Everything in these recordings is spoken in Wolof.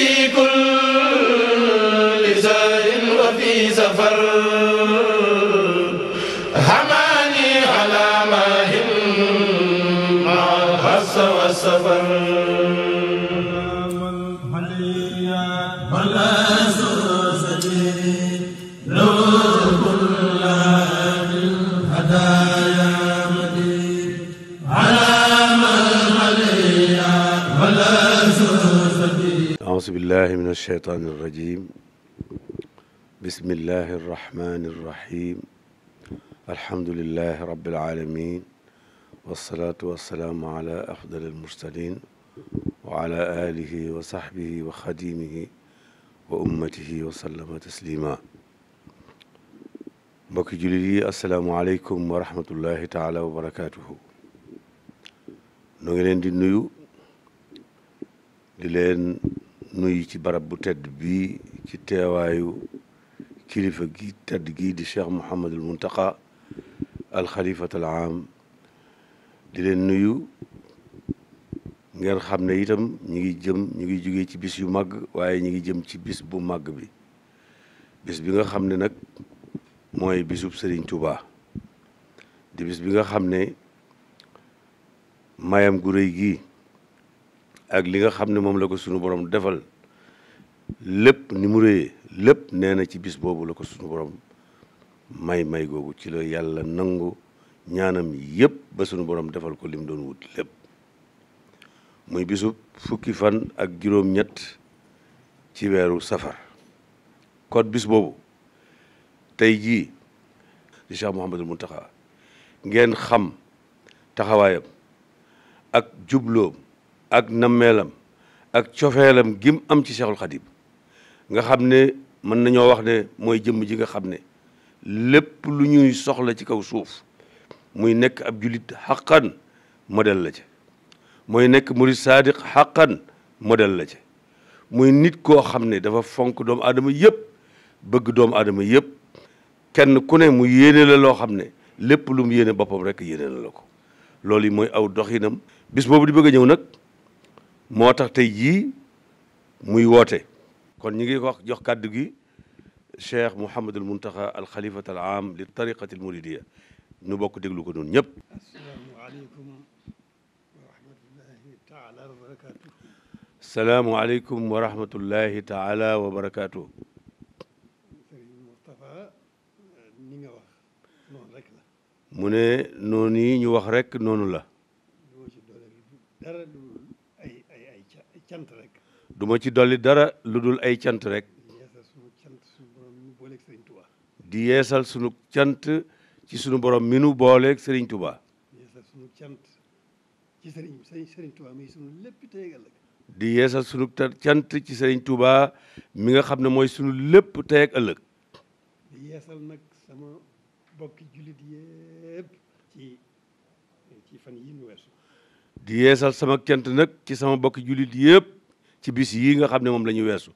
Happy good. أعوذ بالله من الشيطان الرجيم بسم الله الرحمن الرحيم الحمد لله رب العالمين والصلاة والسلام على أفضل المرسلين وعلى آله وصحبه وخديمه وأمته وسلم تسليما بك جلدي السلام عليكم ورحمة الله تعالى وبركاته نغلين دي نيو دي لين nuyu ci barab bu tedd bii ci teewaayu kilifa gi tedd gii di cheikh Mouhamadul Muntaqa alxalifatul aam di leen nuyu ngeen xam ne itam ñu ngi jëm ñu ngi jugee ci bis yu màgg waaye ñu ngi jëm ci bis bu màgg bi bis bi nga xam ne nag mooy bisub Serigne Touba di bis bi nga xam ne mayam gu rëy gii ak li nga xam ne moom la ko sunu borom defal lépp ni mu réyee lépp nee na ci bis boobu la ko sunu borom may may googu ci la yàlla nangu ñaanam yëpp ba sunu borom defal ko lim doon wut lépp muy bisu fukki fan ak juróom-ñett ci weeru safar kon bis boobu tey jii di Cheikh Mouhamadul Mountakha ngeen xam taxawaayam ak jubloom ak nammeelam ak cofeelam gim am ci Seexul Xadim nga xam ne mën nañoo wax ne mooy jëmm ji nga xam ne lépp lu ñuy soxla ci kaw suuf muy nekk ab julit xaqan modèle la ci mooy nekk murid saadiq xaqan la ci muy nit koo xam ne dafa fonk doomu aadama yëpp bëgg doomu aadama yëpp kenn ku ne mu yéene la loo xam ne lépp lu mu yéene boppam rek yéene la la ko loolu yi mooy aw doxinam bis boobu di bëgg a ñëw nag moo tax tey jii muy woote kon ñu ngi wax jox kàddu gi cheikh mouhamadul muntaxa al xalifat al aam li tariqati al muridiya ñu bokk déglu ko noonu ñëpp asalaamualeykum wa rahmatullahi taala wa barakatuh asalaamualeykum wa rahmatullahi taala wa barakatuh mu ne noonu yi ñu wax rek noonu la cant rek. du ma ci dolli dara lu dul ay cant rek. di yeesal sunu cant ci sunu borom mi nu booleeg Serigne Touba. di yeesal sunu cant ci sëriñ Serigne Touba mi sunu lépp tey ak di yeesal sunu cant ci Serigne Touba mi nga xam ne mooy sunu lépp tey ak ëllëg. nag sama bokki jullit yépp ci ci fan yii di yeesal sama cant nag ci sama bokki jullit yëpp ci bis yii nga xam ne moom la ñu weesu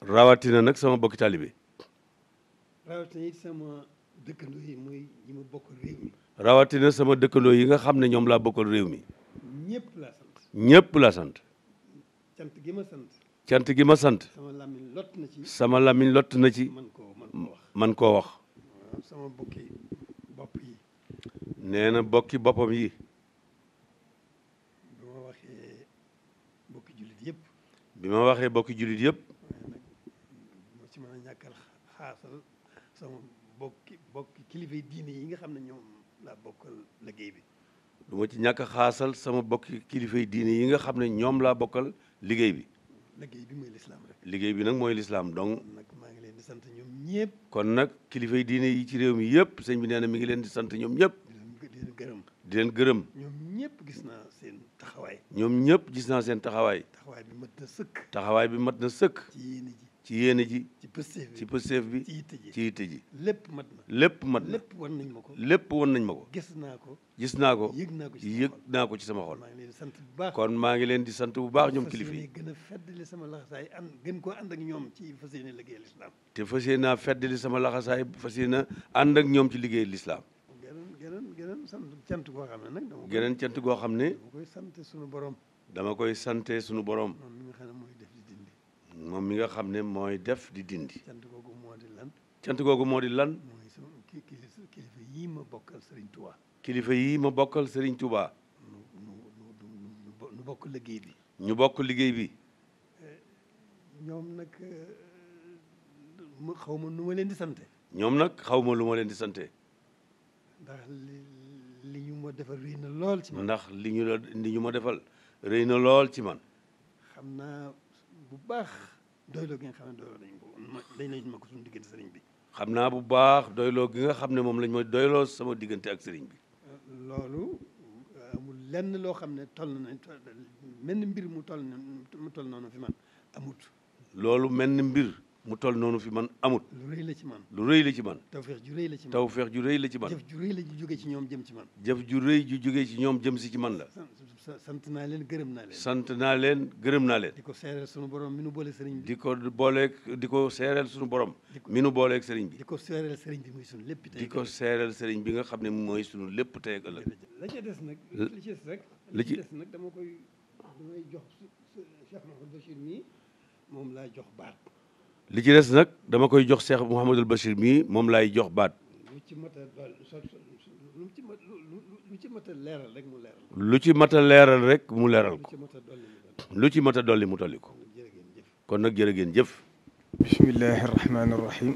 rawatina nag sama bokki taalibe rawatina it sama dëkkandoo yi mooy ñi ma bokkal réew sama dëkkandoo yi nga xam ne ñoom laa bokkal réew mi ñëpp laa sant sant cant gi ma sant cant gi ma sant sama làmmiñ lott na ci sama làmmiñ lott na ci man koo man koo wax sama bokki bopp nee na bokki boppam yi bi ma waxee bokki jullit yëpp ci mën a ñàkkal xaasal sama bokki bokki kilifa yi nga xam ne ñoom laa bokkal liggéey bi du ci ñàkk xaasal sama bokki kilifa diine yi nga xam ne ñoom laa bokkal liggéey bi liggéey bi mooy lislaam rek liggéey bi nag mooy lislaam donc nag maa ngi leen di sant ñoom ñëpp kon nag kilifa diine yi ci réew mi yëpp sëñ bi nee mi ngi leen di sant ñoom ñëpp di leen gërëm. ñoom ñëpp gis naa seen taxawaay. ñoom ñëpp gis naa seen taxawaay. taxawaay bi mat na sëkk. taxawaay bi mat na sëkk. ci yéene ji ci yéene ji. ci pësteef bi ci bi ci yitte ji lépp mat na lépp mat na lépp nañ ma ko. lépp wan nañ ma ko. gis naa ko. gis naa ko yëg naa ko ci yëg naa ko ci sama xol. maa sant bu baax kon maa ngi leen di sant bu baax ñoom kilifa yi. gën a feddali sama laxasaay ànd gën koo ànd ak ñoom ci fas yéene liggéey lislaam. te fas yéene naa feddali sama laxasaay fas yéene ànd ak ñoom ci liggéey lislaam geneen sant cant goo xam ne nag. dama geneen cant goo xam ne. dama koy sante suñu borom. dama koy sante suñu borom. moom xam ne mooy moom mi nga xam ne mooy def di dindi. cant googu moo di lan. cant googu moo di lan. mooy sama kilifa yii ma bokkal Serigne Touba. kilifa yii ma bokkal Serigne Touba. bokk liggéey bi. ñu bokk liggéey bi. Eh, ñoom nag eh, xaw ma nu ma leen di sante. ñoom nag xaw ma lu ma leen di sante. li ñu ma defal rëy na lool ci man. ndax li ñu la ma defal rëy na lool ci man. xam naa bu baax doyloo gi nga xam ne ko dañ lañ ma ko suñu diggante sëriñ bi. xam naa bu baax doyloo gi nga xam ne moom lañ ma doyloo sama diggante ak sëriñ bi. loolu euh, amul lenn loo xam ne toll nañ mel ni mbir mu toll mu noonu fi man amut. loolu mel ni mbir. mu toll noonu fi man amut. lu rëy la ci man lu rëy ci man. tawfeex ju rëy la ci man tawfeex ju rëy la ci man. jëf ju rëy ju jógee ci ñoom jëm ci man. jëf ju rëy ju jógee ci ñoom jëm si ci man la. sant naa leen gërëm naa leen. sant naa leen gërëm naa leen. di ko seereel sunu borom mi nu booleeg sëriñ bi. di ko booleeg di ko seereel sunu borom. mi nu booleeg sëriñ bi. di ko seereel sëriñ bi muy sunu lépp tey. di ko seereel sëriñ bi nga xam ne mooy sunu lépp tey ak ëllëg. la ca des nag. li ci des rek. li ci des nag dama koy damay jox moom laa jox baat li ci nag dama koy jox Cheikh Mouhamadul Bachir moom laay jox baat. lu ci mat a ci mat a leeral rek mu leeral. lu ci mat leeral rek mu leeral ko. lu ci mat a dolli mu dolli ko. kon nag jërë ngeen jëf. bismillahi rahmaani rahim.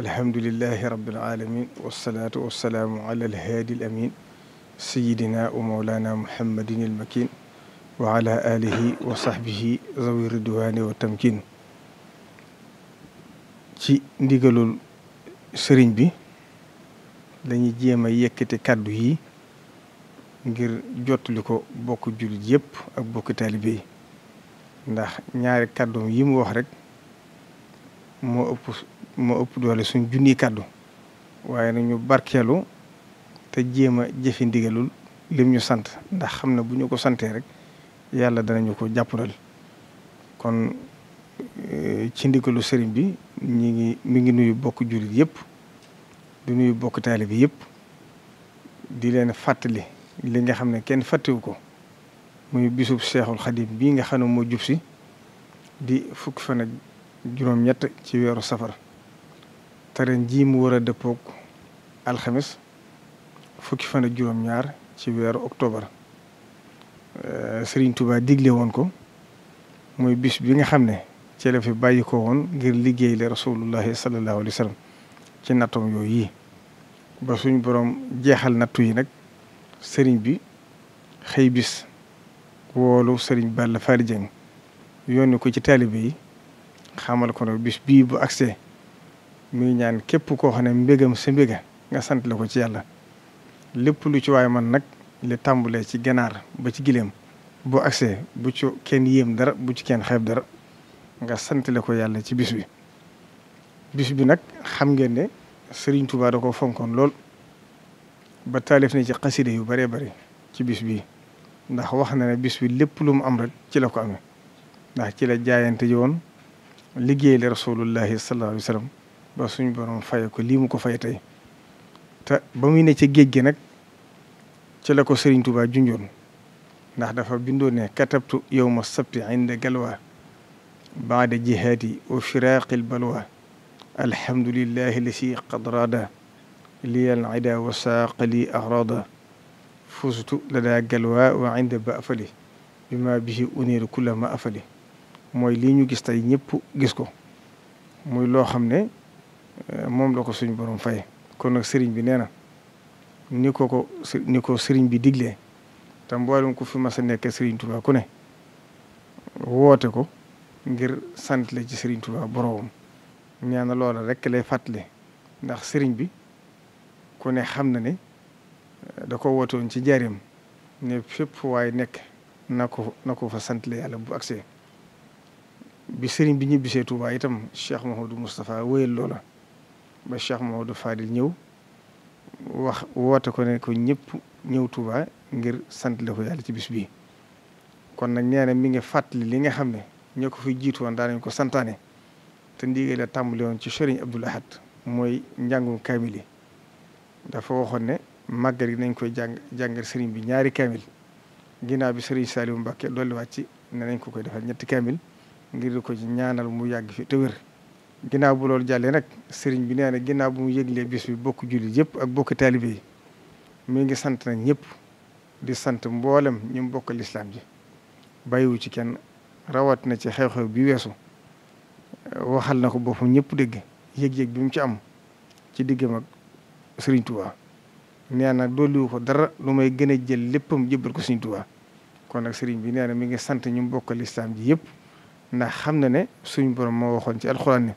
alhamdulilahi rabbil alamin wasalaatu wasalaamu ala alhaadi amin sayidina wa mawlana muhammadin al makin wa ala alihi wa sahbihi zawi ridwani wa tamkin ci ndigalul sëriñ bi dañuy jéem a yëkkati kàddu yi ngir jottali ko bokk jullit yépp ak bokk taalibe yi ndax ñaari kàddoom yi mu wax rek moo ëpp moo ëpp doole suñ junni kàddu waaye nañu barkeelu te jéem a jëfi ndigalul lim ñu sant ndax xam na bu ñu ko santee rek yàlla danañu ko jàppandal kon ci ndigalu sëriñ bi ñi ngi mu ngi nuyu bokk jullit yëpp di nuyu bokk taalibe yëpp di leen fàttali li nga xam ne kenn fàttewu ko muy bisub seexul xadim bii nga xam ne moo jub si di fukk fan ak juróom-ñett ci weeru safar te ren jii mu war a dëppoog alxames fukki fan ak juróom-ñaar ci weeru octobre euh, Serigne Touba digle woon ko muy bis bi nga xam ne ci la fi woon ngir liggéey le rasulullahi sallallahu alayhi wa sallam ci nattoom yooyu yi ba suñ boroom jeexal nattu yi nag sëriñ bi xëy bis woolu sëriñ Balla Fally Dieng ko ci taalibe yi xamal ko ne bis bii bu agsee muy ñaan képp koo xam ne mbégam sa mbéga nga sant la ko ci yàlla lépp lu ci waaye man nag li tàmbulee ci ganaar ba ci gileem bu agsee bu ci kenn yéem dara bu ci kenn xeeb dara nga santile ko yàlla ci bis bi bis bi nag xam ngeen ne Serigne Touba da ko fonkoon lool ba taalif na ci xaside yu bëree bëri ci bis bi ndax wax na ne bis bi lépp lu mu am rek ci la ko amee ndax ci la jaayante ji woon liggéey la rasulullahi sallallahu alayhi wa sallam ba suñ borom faye ko lii mu ko fay tey te ba muy ne ci géej gi nag ci la ko Serigne Touba junjoon ndax dafa bindoo ne katabtu yow ma sabti inde galwaa بعد جهادي وفراق البلوى الحمد لله الذي قد راد لي العدا وساق لي أغراضا فزت لدى جلواء وعند بأفلي بما به أنير كل ما أفلي mooy lii ñu gis tey ñëpp gis ko muy loo xam ne moom la ko suñu borom fay kon nag sëriñ bi nee na ni ko ko ni ko sëriñ bi diglee te mboolem ku fi mas a nekk sëriñ Tuubaa ku ne woote ko ngir sant la ci Serigne Touba boroomam ñaan na loola rek lay fàttali ndax sëriñ bi kon ne xam na ne eh, da ko wootoon ci jaareem ne fépp waaye nekk na ko na ko fa sant la yàlla bu agsee bi sëriñ bi ñibbisee Touba itam Cheikh Mahodou Moustapha wéyal loola ba Cheikh Mahodou Fadil ñëw wax woote ko ne ko ñëpp ñëw Touba ngir sant la ko yàlla ci bis bi kon nag ñaane mi ngi fàttali li nga xam ne. ñoo ko fi jiitu woon daanañ ko santaane te ndigal la tàmbali woon ci Sëriñ Abdul Ahad mooy njàngum kaamil yi dafa waxoon ne màggal gi nañ koy jàng jàngal sëriñ bi ñaari kaamil ginnaaw bi sëriñ Saliou Mbacke dolli wàcc ne nañ ko koy defal ñetti kaamil ngir di ko ci ñaanal mu yàgg fi te wér ginnaaw bu loolu jàllee nag sëriñ bi nee na ginnaaw bu mu bis bi bokk jullit yëpp ak bokk taalibe yi mi ngi sant nañ ñëpp di sant mboolem ñu bokk lislaam ji bàyyiwu ci kenn rawat na ci xew-xew bi weesu waxal na ko boppam ñëpp dégg yëg-yëg bi mu ci am ci diggam ak Serigne Touba nee na dolliwu ko dara lu may gën a jël léppam jëbbal ko Serigne kon nag Serigne bi nee na mi ngi sant ñu bokk lislaam ji yëpp ndax xam na ne suñ borom moo waxoon ci alxuraan ne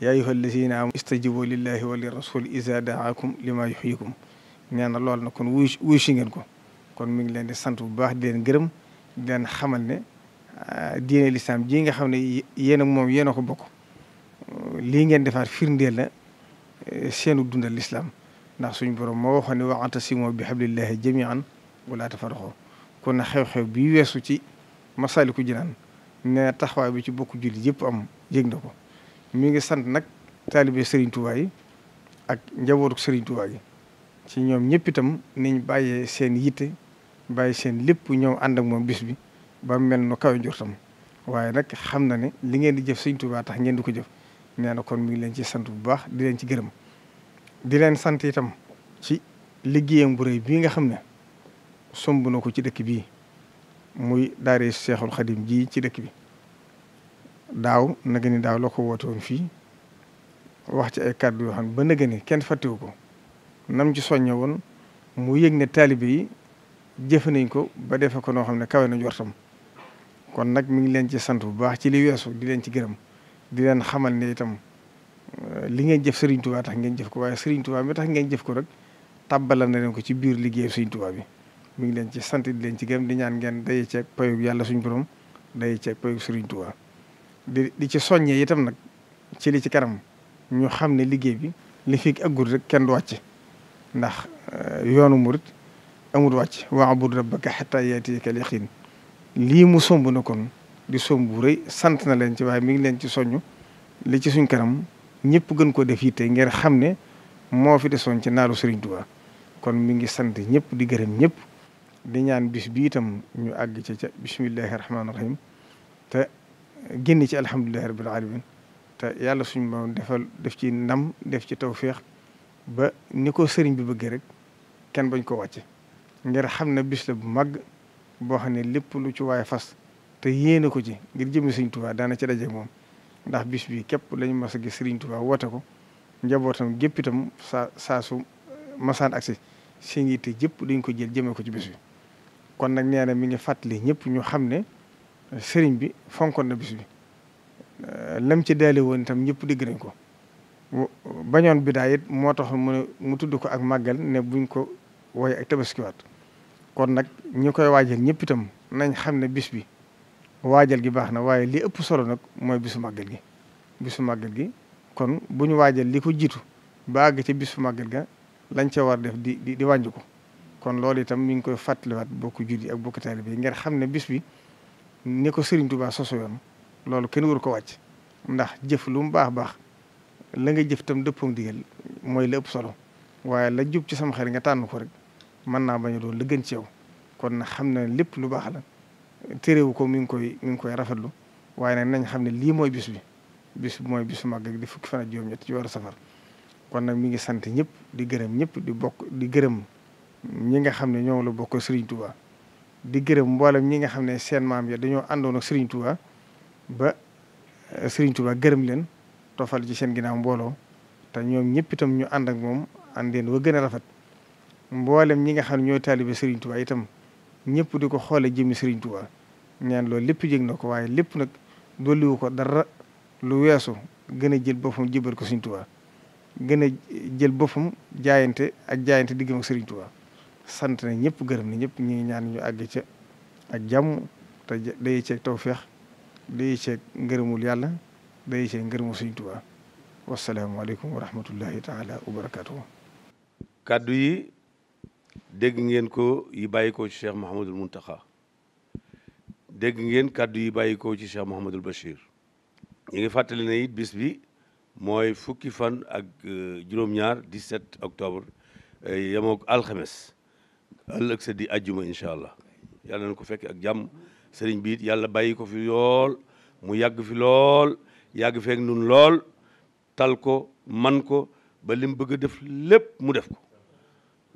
yaa ayyuha allazina amanu istajibu li rasul iza na loolu na kon wuy wuy ngeen ko kon mi ngi leen di sant bu baax di leen gërëm di leen xamal ne Euh, diine lislaam jii nga xam ne yéen a moom yéen a ko bokk lii ngeen defaat firndeel la euh, seenu dundal lislaam ndax suñu borom moo waxoon ne wa'tasimu bi hablillahi jami'an wala tafarraqu kon na xew-xew bi weesu ci Masaalikul Jinaan ne taxawaay bi ci bokk jullit yëpp am yëg na ko mi ngi sant nag taalibe Serigne Touba yi ak njabootu Serigne Touba yi ci ñoom ñëpp itam niñ bàyyee seen yitte bàyyi seen lépp ñoom ànd ak moom bis ba mel nu kawe njortam waaye nag xam na ne li ngeen di jëf sëñ Tuubaa tax ngeen di ko jëf nee na kon mi ngi leen ci sant bu baax di leen ci gërëm di leen sant itam ci liggéeyam bu rëy bii nga xam ne somb ko ci dëkk bii muy daaree Seexul Xadim ji ci dëkk bi daaw naga ni daaw la ko woote woon fii wax ci ay kàddu yoo xam ne ba naga kenn fàttewu ko nam ci soññe woon mu yëg ne taalibe yi jëfe nañ ko ba defe ko noo xam ne kawe na njortam kon nag mi ngi leen ci sant bu baax ci li weesu di leen ci gërëm di leen xamal ne itam euh, li ngeen jëf Serigne Touba tax ngeen jëf ko waaye sëriñtuwaa Touba mi tax ngeen jëf ko rek tàbbala na leen ko ci biir liggéey Serigne bi mi ngi leen ci sant di leen ci gërëm di ñaan ngeen daye ceeg payug yàlla suñu borom daye ceeg payug Serigne Touba di di ci soññee itam nag ci li ci kanam ñu xam ne liggéey bi li fi aggul rek kenn du wàcc ndax euh, yoonu murit amul wàcc wa'bud rabbaka hatta ya'tiyakal yaqiin lii mu somb na kon di somb bu rëy sant na leen ci waaye mi ngi leen ci soññ li ci suñ kanam ñëpp gën ko def yitte nger xam ne moo fi desoon ci naaru Serigne Touba kon mu ngi sant ñëpp di gërëm ñëpp di ñaan bis bi itam ñu àgg ci ca bismillahi rahmaani rahim te génn ci alhamdulillahi rabbil alamin te yàlla suñ moom defal def ci ndam def ci tawféex ba ni ko sëriñ bi bëggee rek kenn bañ ko wàcce ngir xam ne bis la bu mag boo xam ne lépp lu ci waay fas te yéene ko ci ngir jëmmi Sëriñ Tuubaa daana ci daje moom ndax bis bi képp lañu mas a gis Sëriñ Tuubaa woote ko njabootam gépp itam saa saa su masaan agsi yi yitte jëpp dañ ko jël jëmee ko ci bis bi kon nag nee na mi ngi fàttali ñëpp ñu xam ne sëriñ bi fonkoon na bis bi euh, lam ci daale woon itam ñëpp dégg nañ ko bañoon bi daa it moo tax mu mu tudd ko ak màggal ne buñ ko woy ak tabaskiwaat kon nag ñu koy waajal ñëpp itam nañ xam ne bis bi waajal gi baax na waaye li ëpp solo nag mooy bisu màggal gi bisu màggal gi kon bu ñu waajal li ko jiitu ba àgg ci bisu màggal ga lañ ca war def di di di wàññi ko kon loolu itam ñu ngi koy fàttaliwaat bokku julli ak bokku taalibe bi ngeen xam ne bis bi ni ko Serigne Touba soso yoon loolu kenn waru ko wàcc ndax jëf lu mu baax baax la nga jëf tam dëppoom digal mooy la ëpp solo waaye la jub ci sama xel nga tànn ko rek mën naa bañ doon la gën ci yow kon xam na lépp lu baax la téréwu ko mi ngi koy mi ngi koy rafetlu waaye nag nañ xam ne lii mooy bis bi bis bi mooy bisu màgg ak di fukki fan ak juróom-ñett ci a safar kon nag mi ngi sant ñëpp di gërëm ñëpp di bokk di gërëm ñi nga xam ne ñoo bokk Serigne Touba di gërëm mboolem ñi nga xam ne seen maam ya dañoo àndoon ak Serigne ba eh, Serigne Touba gërëm leen tofal ci seen ginnaaw mbooloo te ñoom ñëpp itam ñu ànd ak moom àndeen wa gën a rafet mboolem ñi nga xam ne ñooy taalibe Serigne Touba itam ñëpp di ko xoolee jëmmi Serigne ñaan loolu lépp jëg na ko waaye lépp nag dolliwu ko dara lu weesu gën a jël boppam jébal ko Serigne gën a jël boppam jaayante ak jaayante diggam ak Serigne Touba sant na ñëpp gërëm na ñëpp ñi ñaan ñu àgg ca ak jàmm te day ceeg tawféex day ceeg ngërëmul yàlla day ceeg ngërëmul Serigne Touba wasalaamualeykum wa rahmatullahi taala wa barakatuhu kaddu dégg ngeen ko yi bàyyikoo ci cheikh Mouhamadul Mountakha dégg ngeen kàddu yi bàyyikoo ci cheikh Mouhamadul Bachir ñu ngi fàttali ne it bis bi mooy fukki fan ak juróom-ñaar 17 octobre yemook alxames ëllëg sa di ajjuma incha allah yàlla na ko fekk ak jàmm sëriñ bi it yàlla bàyyi ko fi lool mu yàgg fi lool yàgg feek nun lool tal ko man ko ba li mu bëgg a def lépp mu def ko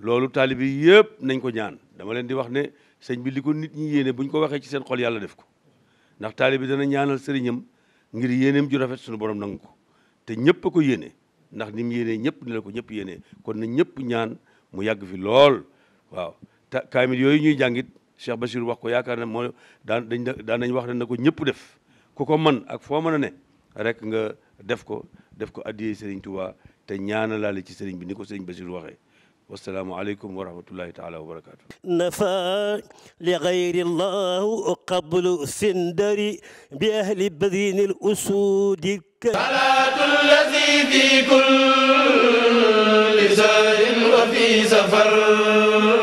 loolu taalibe yëpp nañ ko ñaan dama leen di wax ne sëñ bi li ko nit ñi yéene buñ ko waxee ci seen xol yàlla def ko ndax taalibe dana ñaanal sëriñam ngir yéeneem ju rafet suñu borom nangu ko te ñëpp a ko yéene ndax ni mu yéenee ñëpp ni la ko ñëpp yéenee kon na ñëpp ñaan mu yàgg fi lool waaw ta yooyu ñuy jàngit Cheikh Bachir wax ko yaakaar ne mooy daan dañ daan nañ wax ne na ko ñëpp def ku ko man ak foo mën a ne rek nga def ko def ko addiyee sëriñ Tuubaa te ñaanalaale ci sëriñ bi ni ko sëriñ Bachir waxee والسلام عليكم ورحمة الله تعالى وبركاته نفى لغير الله قبل سندري بأهل بذين الأسود صلاة الذي في كل زار وفي سفر